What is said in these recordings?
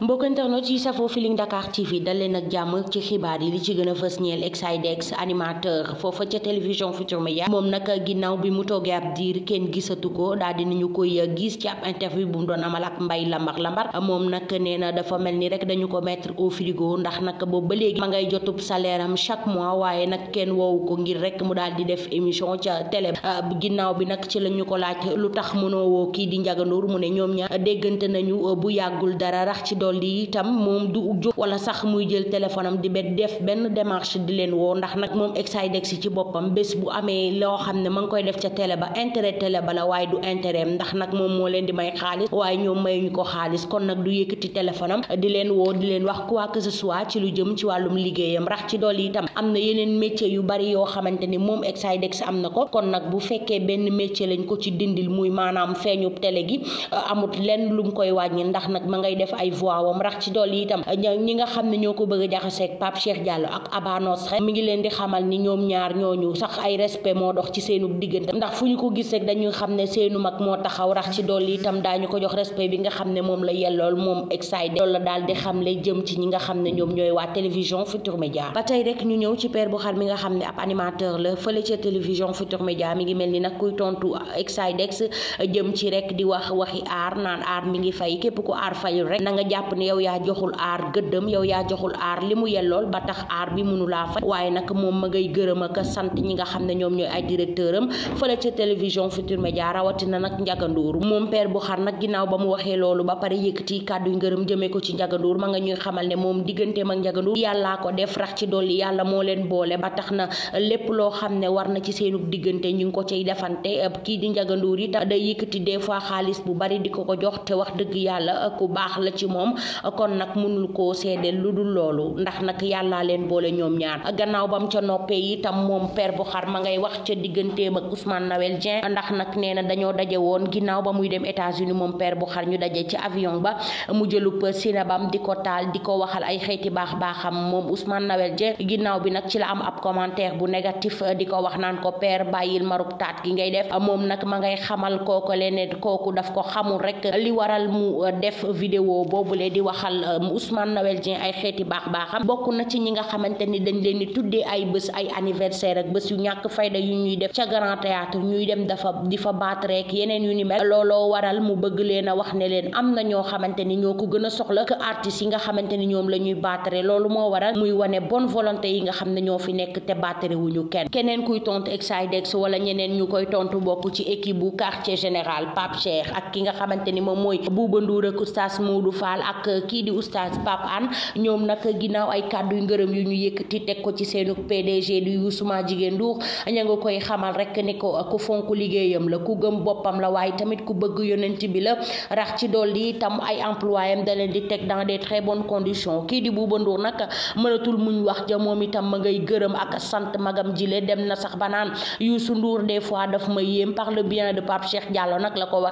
mbokk internet yi safoo Feeling Dakar TV dal leen nag jàmm ci xibaar yi li ci gën a fës ñeel ex animateur foofa ca télévision Futurs Médias moom nag ginnaaw bi mu toogee ab diir kenn gisatu ko daal nañu koy gis ci ab interview bu mu doon amal ak mbay lambar lambar moom nag nee na dafa mel ni rek dañu ko mettre au frigo ndax nag boobu ba léegi ma ngay jotub salaire am chaque mois waaye nag kenn woowu ko ngir rek mu daal di def émission ca télé ah, ginnaaw bi nag ci la ñu ko laaj lu tax mënoo kii di Ndiaga mu ne ñoom ñaar déggante nañu bu yàggul dara dolli itam moom du jóg wala sax muy jël téléphone am di be def benn démarche di leen woo ndax nag moom Exidex ci boppam bés bu amee loo xam ne ma ngi koy def ca télé ba intérêt télé ba la waaye du intérêt ndax nag moo leen di may xaalis waaye ñoom mayuñu ko xaalis kon nag du yëkkati téléphone am di leen woo di leen wax quoi que ce ci lu jëm ci wàllum liggéeyam rax ci dolli itam am na yeneen métier yu bari yoo xamante ni moom Exidex am na ko kon nag bu fekkee benn métier lañ ko ci dindil muy maanaam feeñu tele gi amut lenn lu koy wàññi ndax nag ma ngay def ay gannaawam rax ci dolli itam ñi ne ñoo ko bëgg di xamal ni ñoom ñaar ñooñu sax ay respect moo ndax fu ñu ko gis rek xam ne seenu mag moo taxaw rax ci dolli itam daañu ko jox respect bi nga xam ne moom la yellool moom excité loolu la daal xam le jëm ñi nga xam ne ñoom ñooy waa télévision Futur Média ba tey rek ñu ñëw ci père bu xar mi nga xam ne ab animateur la fële ca télévision Futur Média mi ngi mel ni nag kuy tontu excité jëm ci rek di wax waxi aar naan aar mi ngi fay képp ku aar fayul rek na jàpp jàpp ne yow yaa joxul aar gëddëm yow yaa joxul aar li mu yellool ba tax aar bi mënulaa faj waaye nag moom ma ngay gërëm ak sant ñi nga xam ne ñoom ñooy ay directeur am fële ca télévision Futur Média rawatina nag njaganduur moom père bu xar nag ginnaaw ba mu waxee loolu ba pare yëkkati kàddu ngërëm jëmee ko ci njaganduur ma nga ñuy xamal ne moom digganteem ak njaganduur yàllaa ko def rax ci dolli yàlla moo leen boole ba tax na lépp loo xam ne war na ci seenub diggante ñu ngi ko cay defante kii di njaganduur yi day yëkkati des fois xaalis bu bari di ko ko jox te wax dëgg la ci moom kon nag mënul koo seedeel lu dul loolu ndax nag yàllaa leen boole ñoom ñaar gannaaw bam ca noppee itam moom père bu xar ma ngay wax ca digganteem ak Ousmane Noël Dieng ndax nag nee na dañoo daje woon ginnaaw ba muy dem États-Unis moom père bu xar ñu daje ci avion ba mu jëlub sinabam di ko taal di ko waxal ay xeeti baax baaxam moom Ousmane Noël Dieng ginnaaw bi nag ci la am ab commentaire bu négatif di ko wax naan ko père bàyyil marub taat gi ngay def moom nag ma ngay xamal ko xamul rek di waxal euh, Ousmane Noël Dieng ay xeeti baax baaxam bokk na ci ñi nga xamante ni dañ leen di tuddee ay bés ay anniversaire ak bés yu ñàkk fayda yu ñuy def ca Grand Théâtre ñuy dem dafa di fa baat rek yeneen yu ni mel looloo waral mu bëgg leen a wax ne leen am na ñoo xamante ni ñoo ko gën a soxla que artistes yi nga xamante ni ñoom la ñuy baatare loolu moo waral muy wane bonne volonté yi nga xam ne ñoo fi nekk te baatare wuñu kenn keneen kuy tontu Exidex wala ñeneen ñu koy tontu bokk ci équipe bu quartier général Pape Cheikh ak kii di oustaz Pape Anne ñoom nag ginnaaw ay kàddu yu ngërëm yu ñu yëkk yëkkati teg ko ci seenu PDG di Youssouma Jigéen Ndour ña nga koy xamal rek ni ko ku fonk liggéeyam la ku gëm boppam la waaye tamit ku bëgg yonent bi la rax ci dolli itam ay employé am da leen di teg dans des très bonnes conditions kii di Bouba Ndour nag mënatul muñ wax ja moom itam ma ngay gërëm ak sant magam jile dem na sax banaan Youssou Ndour des fois daf ma yéem par le bien de Pape Cheikh Diallo nag la ko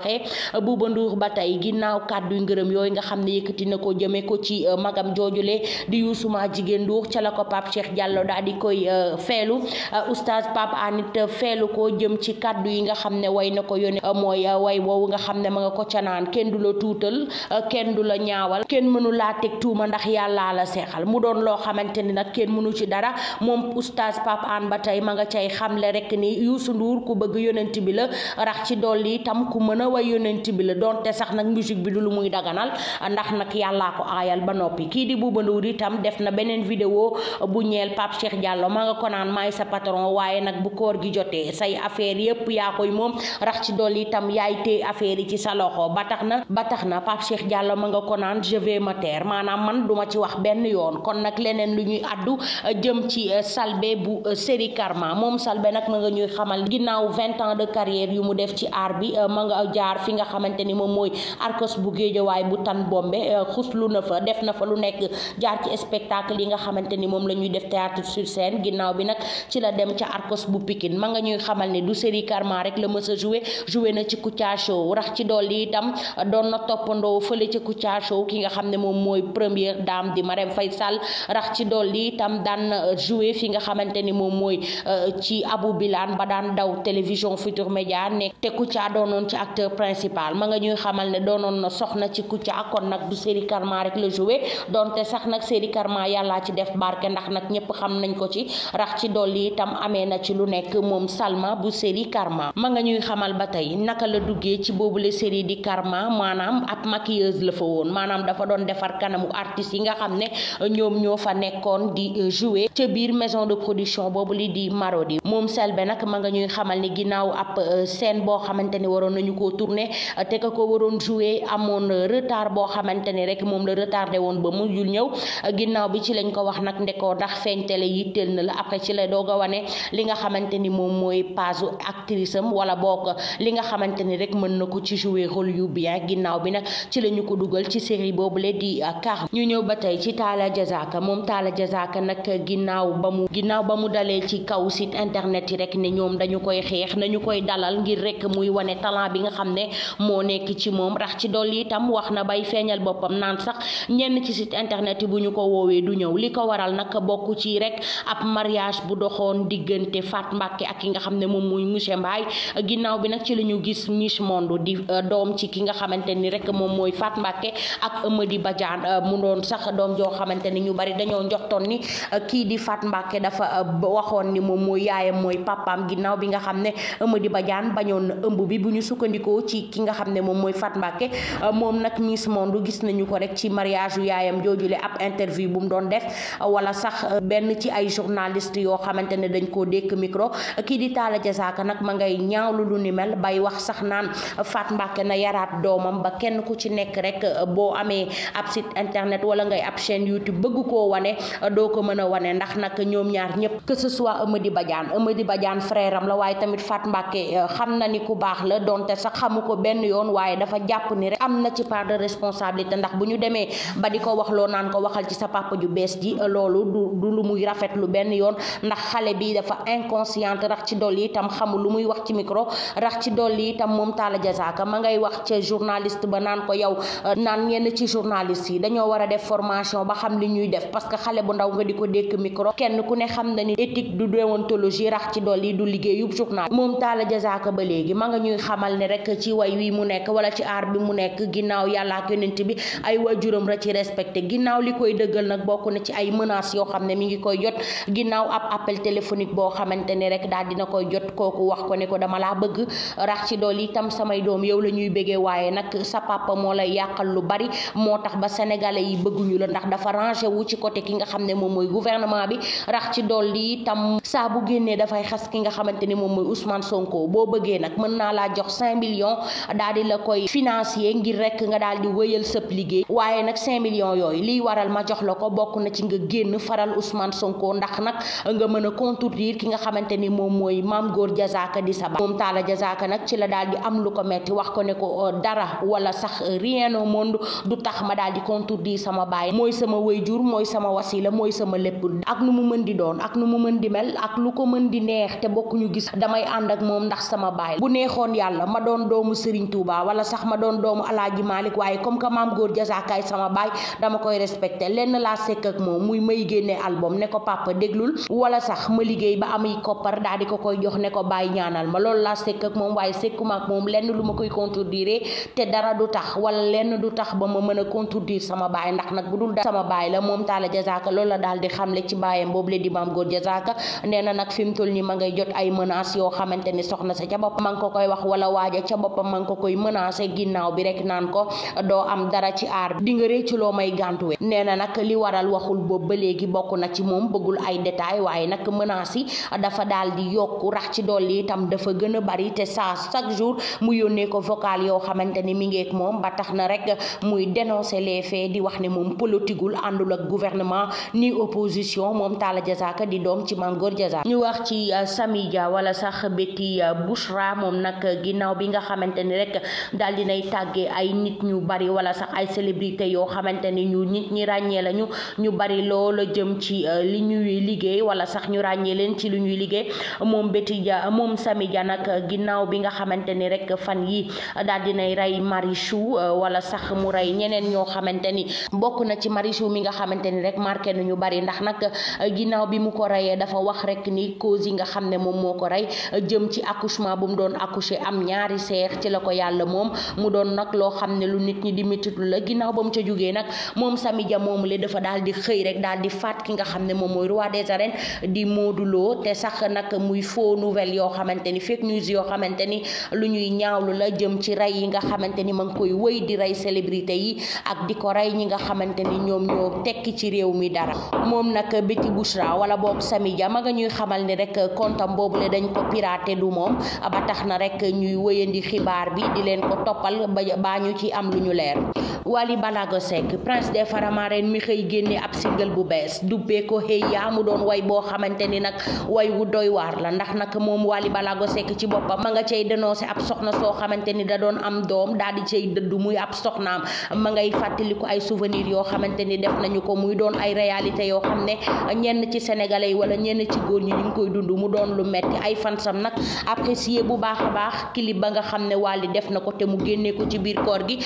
yëkkati na ko jëme ko ci euh, magam joojule di yuusuma jigéen nduur ca la ko Pape Cheikh Diallo daal di koy euh, feelu euh, oustaz Pape Anit feelu ko jëm ci kàddu yi nga xam ne way na ko yónnee mooy way woowu nga xam ne ma nga ko canaan kenn du la tuutal kenn du la ñaawal kenn mënu laa teg tuuma ndax yàllaa la seexal mu doon loo xamante ni nag kenn mënu ci dara moom oustaz Pape Hann ba tey ma nga cay xamle rek ni Youssou Ndour ku bëgg yonent bi la rax ci dolli itam ku mën a way yonent bi la donte sax nag musique bi du lu muy daganal ndax nag yàllaa ko aayal ba noppi kii di Bouba Ndour itam def na beneen vidéo bu ñeel Pape Cheikh ma nga ko naan maay sa patron waaye nag bu koor gi jotee say affaire yépp yaa koy moom rax ci dolli itam yaay téye affaire yi ci sa loxo ba tax na ba tax na Pape Cheikh ma nga ko naan je vais maanaam man duma ci wax benn yoon kon nag leneen lu ñuy addu euh, jëm ci euh, salbe bu euh, série Karma moom salbe nag ma nga ñuy xamal ginnaaw vingt ans de carrière yu mu def ci aar bi ma jaar fi nga xamante ni moom mooy Arcos bu Guédiawaay bu tan bombe Euh, xuslu na fa def na fa lu nekk jaar ci spectacle yi nga xamante ni moom la ñuy def théâtre sur scène bi nag ci la dem ca Arcos bu Pikine ma nga ñuy xamal du série Karma rek la na ci Kouthia Show rax ci dolli doon na toppandoo fële ca Kouthia ki nga xam ne moom mooy première dame di Marème Faye Sall rax ci dolli itam daan euh, joué fi nga xamante ni moom mooy euh, ci Abou Bilane ba daan daw télévision Futur Média nekk te doonoon na soxna ci Kouthia kon nag série karma rek la joué donte sax nag série karma yàllaa ci def barke ndax nag ñëpp xam nañ ko ci rax ci dolli itam amee na ci lu nekk moom Salma bu série karma ma nga ñuy xamal ba tey naka la duggee ci boobule série di karma maanaam ab maquilleuse la fa woon maanaam dafa doon defar kanamu artiste yi nga xam ne ñoom ñoo fa nekkoon di euh, jouer ca biir maison de production boobu li di Marodi moom Selbé nag ma nga ñuy xamal ni ginnaaw ab euh, scène boo xamante ni waroon nañu koo tourner euh, te ka ko waroon jouer amoon retard boo xamante xamante ni rek moom la retardé woon ba mujjul ñëw ginnaaw bi ci lañ ko wax nag ndekoo ndax feeñtele yitteel na la après ci la doog a wane li nga xamante ni moom mooy pasu actrice am wala bokk li nga xamante ni rek mën na ko ci jouer rôle yu bien ginnaaw bi nag ci la ko dugal ci série boobule di kar ñu ñëw ba tey ci Talla Diazaka moom taala Diazaka nag ginnaaw ba mu ginnaaw ba mu dalee ci kaw site internet yi rek ne ñoom dañu koy xeex nañu koy dalal ngir rek muy wane talent bi nga xam ne moo nekk ci moom rax ci dolli itam wax na boppam naan sax ñenn ci sit internet yi bu ñu ko woowee du ñëw li ko waral nag bokk ci rek ab mariage bu doxoon diggante Fat Mbacké ak ki nga xam ne moom muy monsieur Mbaye ginnaaw bi nag ci la ñu gis Miss Monde di euh, doom ci ki nga xamante ni rek moom mooy Fat Mbacké ak Amady Badiane euh, mu noon sax doom joo xamante ni ñu bari dañoo njoxtoon ni euh, kii di faat Mbacké dafa waxoon ni moom mooy yaayam mooy papaam ginnaaw bi nga xam ne Amady Badiane bañoon na ëmb bi bu ñu sukkandikoo ci ki nga xam ne moom mooy Fat Mbacké moom nag Miss Monde gis nañu ko rek ci mariage yaayam joojule ab interview bu mu doon def wala sax euh, benn ci ay journaliste yoo xamante ne dañ koo dékk micro kii di Talla Diazaka nag ma ngay ñaawlu lu ni mel bay wax sax naan faat mbàkke na yaraat doomam ba kenn ku ci nekk rek euh, boo amee ab site internet wala ngay ab chaîne YouTube bëgg koo wane euh, doo ko mën a wane ndax nag ñoom ñaar ñëpp que ce soit Amady Badiane Amady Badiane frère am la waaye tamit Fatou Mbacké xam na ni ku baax la donte ndax bu ñu demee ba di ko wax loo naan ko waxal ci sa papa ju bees ji loolu du du lu muy rafetlu benn yoon ndax xale bi dafa inconsciente rax ci dolli itam xamul lu muy wax ci micro rax ci dolli itam moom Talla Diazaka ma ngay wax ca journaliste ba naan ko yow naan yenn ci journaliste yi dañoo war a def formation xam li ñuy def parce que xale bu ndaw nga di ko dékk micro kenn ku ne xam na ni éthique du déontologie rax ci dolli du liggéeyub journal moom Talla Diazaka ba léegi ma nga ñuy xamal ne rek ci way wi mu nekk wala ci aar bi mu nekk ginnaaw yàlla ak yonent bi ay waajuram ra ci respecté ginnaaw li koy dëggal nag bokk na ci ay menaces yoo xam ne mu ngi koy jot ginnaaw ab appel téléphonique boo xamante ne rek daal dina koy jot kooku wax ko ne ko dama laa bëgg rax ci dool itam samay doom yow la ñuy bëggee waaye nag sa papa moo lay yàqal lu bari moo tax ba sénégalais yi bëgguñu la ndax dafa rangé wu ci côté ki nga xam ne moom mooy gouvernement bi rax ci dool yi itam saa bu génnee dafay xas ki nga xamante ne moom mooy Ousmane Sonko boo bëggee nag mën naa laa jox million millions di la koy financier ngir rek nga daal di wëyal sëp ëpp liggéey waaye nag cinq millions yooyu liy waral ma jox la ko bokk na ci nga génn faral Ousmane Sonko ndax nag nga mën a contredire ki nga xamante ni moom mooy maam Gor Diazaka di sa moom Talla Diazaka nag ci la daal di am lu ko metti wax ko ne ko oh, dara wala sax rien au monde tax ma daal di contredire sama baay mooy sama way jur mooy sama wasila mooy sama lépp ak nu mu mën di doon ak nu mu mën di mel ak lu ko mën di neex te bokkuñu gis damay ànd ak moom ndax sama baay bu neexoon yàlla ma doon doomu Serigne Touba wala sax ma doon doomu Alaaji Malick waaye comme que Mame góor jasaakaay sama baay dama koy respecté lenn laa sekk ak moom muy may génne album ne ko papa déglul wala sax ma liggéey ba amuy koppar daal di ko koy jox ne ko bàyyi ñaanal ma lool laa sekk ak moom waaye sekkuma ak moom lenn lu ma koy contredire te dara du tax wala lenn du tax ba ma mën a contredire sama baay ndax nag bu dul da sama baay la moom taala jasaaka loolu la daal di xamle ci baayam boobu la di maam góor jasaaka nee na nag fi mu toll nii ma ngay jot ay menaces yoo xamante ni soxna sa ca bopp ma ngi koy wax wala waaja ca boppam ma ko koy menacé ginnaaw bi rek dara ci aar bi di nga réccu loo may gàntuwe nee na nag li waral waxul boobu ba léegi bokk na ci moom bëggul ay détails waaye nag menaces yi dafa daal di yokku rax ci dolli itam dafa gën a bari te saa chaque jour mu yónnee ko vocal yoo xamante ni mi ngeek moom ba tax na rek muy dénoncer les faits di wax ne moom politigul àndul ak gouvernement moom Talla Diazaka di doom ci Mame Gor Diazaka ñu wax ci euh, Samy Dia wala sax Betty euh, Bouchra moom nag ginnaaw bi nga xamante ni rek daal dinay tàggee ay nit ñu bari wala sax ay célébrité yoo xamante ni ñu nit ñi ràññee lañu ñu bari loola jëm ci euh, li ñuy liggéey wala sax ñu ràññee leen ci li ñuy liggéey moom Betty Dia moom Samy Dia nag euh, ginnaaw bi nga xamante ni rek fan yi daal dinay rey Marichou euh, wala sax mu rey ñeneen ñoo xamante ni bokk na ci Marichou mi nga xamante ni rek marqué nañu bari ndax nag ginnaaw bi mu ko reyee dafa wax rek ni cause yi nga xam ne moom moo ko rey jëm ci accouchement bu mu doon accouché am ñaari seex ci la ko yàlla moom mu doon nag loo xam ne lu nit ñi di métit la ginnaaw ba mu ca jógee nag moom Sami Dia moom dafa daal di xëy rek daal di faat ki nga xam ne moom mooy roi des arènes di mooduloo te sax nag muy faux nouvelle yoo xamante ni fake news yoo xamante ni lu ñuy ñaawlu la jëm ci rey yi nga xamante ni ma koy wëy di rey célébrité yi ak di ko rey ñi nga xamante ni ñoom ñoo tekki ci réew mi dara moom nag Betty Bouchra wala boog Sami Dia ma nga ñuy xamal ni rek kontam boobu le dañ ko piraté du moom ba tax na rek ñuy wëyandi xibaar bi di leen ko toppal ba baa ñu ci am lu ñu leer Wally Balago Seck prince des Faramareen mi xëy génne ab single bu bees dubbee ko xëy yaa mu doon way boo xamante ni nag way wu doy waar la ndax nag moom Wally Balago Seck ci boppam ma nga cay dénoncé ab soxna soo xamante ni da doon am doom daal di cay dëdd muy ab ma ngay fàttaliku ay souvenir yoo xamante ni def nañu ko muy doon ay réalité yoo xam ne ñenn ci sénégalais yi wala ñenn ci góor ñi ñu ngi koy dund mu doon lu metti ay fansam nag apprécié bu baax a baax clip ba nga xam ne Wally def na ko te mu génnee ko ci biir koor gi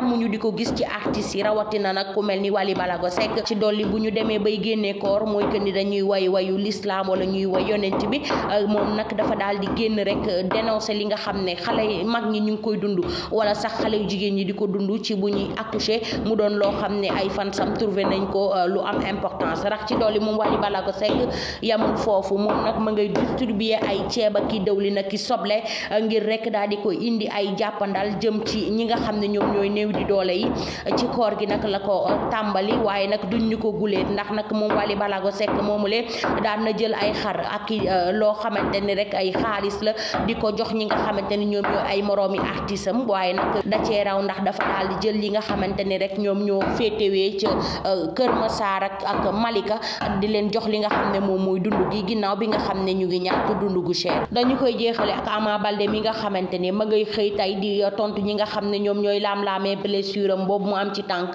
tàmm ñu di ko gis ci artistes yi rawatina nag ku mel ni Wally Balago Seck ci dolli bu ñu demee bay génnee koor mooy que ni dañuy way wayu l'islam wala ñuy way yonent bi euh, moom nag dafa daal génn rek euh, dénoncer li nga xam ne xale mag ñi ñu ngi koy dund wala sax xale jigéen ñi di ko dund ci bu ñuy mu doon loo xam ne ay fansam trouvé nañ ko euh, lu am importance rax ci dolli moom Wally Balago Seck yamul foofu moom nag ma ngay distribuer ay ceeb ak i dawlin ak i soble ngir rek daal koy indi ay jàppandal jëm ci ñi nga xam ne ñoom ñooy néew néew di doole yi ci koor gi nag la ko euh, tàmbali waaye nag duñ ñu ko guleet ndax nag moom Wally Balago Seck moomulee daan na jël ay xar ak euh, loo xamante ni rek ay xaalis la di ko jox ñi nga xamante ni ñoom ay moroomi artiste am waaye nag da cee raw ndax dafa daal di jël li nga xamante ni rek ñoom ñoo féetewee ca euh, Kër Massar ak ak Malika di leen jox li nga xam ne moom mooy dund gi ginnaaw bi nga xam ne ñu ngi ñàkk dund gu cher dañu koy jeexale ak Ama Balde mi nga xamante ne xëy tay di tontu ñi nga xam ne ñoom ñooy laam-laame ne blessure am boobu mu am ci tànk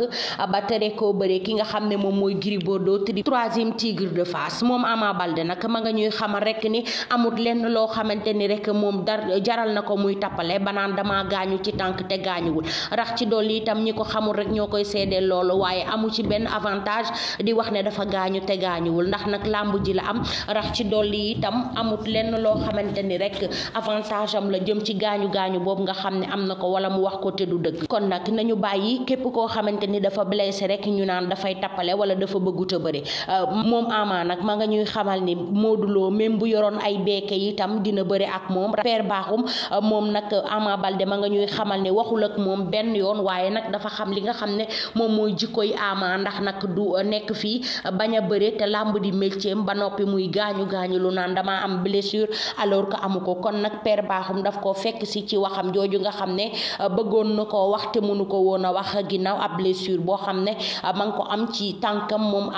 ba tere koo bëre ki nga xam ne moom mooy Gris Bordeaux tri troisième tigre de Fass moom Ama Baldé nag ma nga ñuy xamal rek ni amut lenn loo xamante ni rek moom dar jaral na ko muy tappale banaan dama gaañu ci tànk te gaañuwul rax ci dolli itam ñi ko xamul rek ñoo koy seedeel loolu waaye amu ci benn avantage di wax ne dafa gaañu te gaañuwul ndax nag làmb ji la am rax ci dolli itam amut lenn loo xamante ni rek avantage am la jëm ci gaañu gaañu boobu nga xam ne am na ko wala mu wax ko te du dëgg kon nag nag nañu bàyyi képp koo xamante ni dafa blessé rek ñu naan dafay tappale wala dafa bëggut a bëre euh, moom Ama nag ma nga ñuy xamal ni Modou même bu yoroon ay beeke itam dina bëre ak moom père baaxum euh, moom nag Ama Baldé ma nga ñuy xamal ni waxul ak moom benn yoon waaye nag dafa xam li nga xam ne moom mooy jikkoy Ama ndax nag du euh, nekk fii bañ a bëre te làmb di métier ba noppi muy gaañu gaañu lu naan dama am blessure alors que amu ko kon nag père baaxum daf ko fekk si ci waxam jooju nga xam ne bëggoon na koo waxte mu mënu ko woon a wax ginnaaw ab blessure boo xam ne ah, ma ngi ko am ci tànkam moom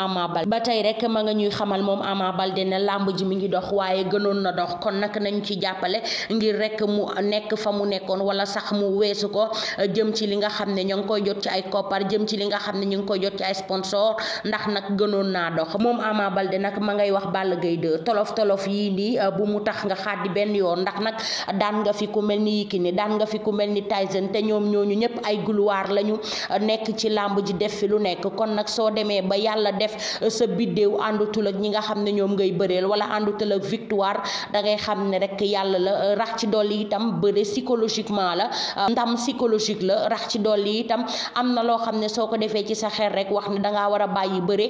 ba tey rek ma nga ñuy xamal moom Ama Baldé ne làmb ji mi ngi dox waaye gënoon na dox kon nag nañ ci jàppale ngir rek mu nekk fa mu nekkoon wala sax mu weesu ko ah, jëm ci li nga xam ne ñoo ngi koy jot ci ay koppar jëm ci li nga xam ne ñu ngi koy jot ci ay sponsor ndax nag gënoon naa dox moom Ama Baldé nag ma ngay wax Balla gay 2 tolof tolof yii nii ah, bu mu tax nga xaddi benn yoon ndax nag daan nga fi ku mel ni Yékini daan nga fi ku mel ni Tyson te ñoom ñooñu ñëpp ay gloire euh, nekk ci làmb ji def fi lu nekk kon nag soo demee ba yàlla def euh, sa biddéew àndutul ak ñi nga xam ne ñoom ngay bëreel wala àndutul ak victoire da ngay xam ne rek yàlla la euh, rax ci dolli itam bëre psychologiquement la ndam psychologique la rax ci dolli itam am na loo xam ne soo ko defee ci sa xel rek wax ni dangaa war a bàyyi bëre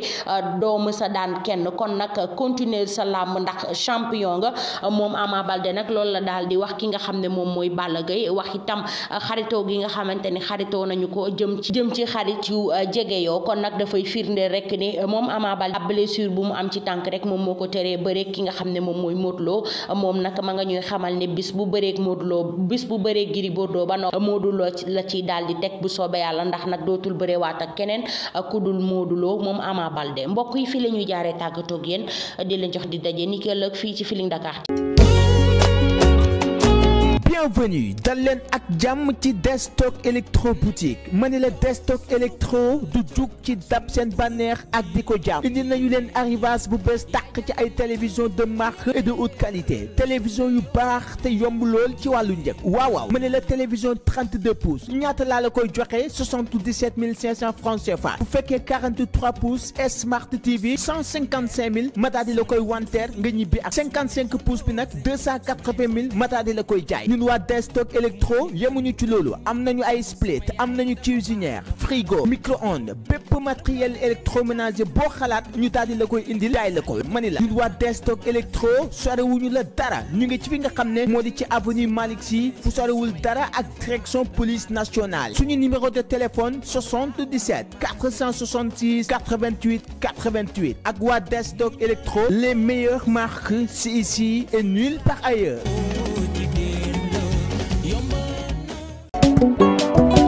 doomu sa daan kenn kon nag continuer sa làmb ndax champion nga moom Ama Baldé nag loolu la daal di wax ki nga xam ne moom mooy Balla Gaye wax itam xaritoo gi nga xamante ni xarit xaritoo nañu ko jëm ci jëm ci xarit yu euh, jege yoo kon nag dafay firnde rek ni euh, moom Ama Baldé ab blessure bu mu am ci tànk rek moom moo ko teree bëreeg ki nga xam ne moom mooy Modou moom nag ma nga ñuy xamal ne bis bu bëree Modou Lo bu bëreeg Gris Bordeaux ba no Modou Lo la ci daal di teg bu soobee yàlla ndax nag dootul bërewaat ak keneen euh, ku dul Modou moom Ama Baldé mbokk yi fi la ñuy jaaree tàggatoo ak yéen di jox di daje ni ki ëllëg fii ci Feeling Dakar bienvenue dal leen ak jàmm ci destock électro boutique la destock électro du jug ci dab seen bànneex ak di ko jàmm indi nañu leen arrivage bu bees tàq ci ay télévision de marque et de haute qualité télévision yu baax te yomb lool ci wàllu njëg waaw waaw ma ni la télévision 32 ñaata laa la koy joxe 77 500 francs CFA bu fekkee 43 pouces smart TV 155 000 ma daal di la koy wanteer nga ñibbi ak 55 pouces bi nag 280 000 ma daal di la koy jaay waa Destock Electro yemuñu ci loolu am nañu ay split am nañu cuisinière frigo micro-ondes bépp matériel électroménager boo xalaat ñu daal la koy indil jaay la koy mani la ñun waa Destock Electro sorewuñu la dara ñu ngi ci fi nga xam ne moo di ci avenue Malick Sy fu sorewul dara ak direction police nationale suñu numéro de téléphone 77 466 88 88 ak waa Destock Electro les meilleures marques c'est ici et nulle part ailleurs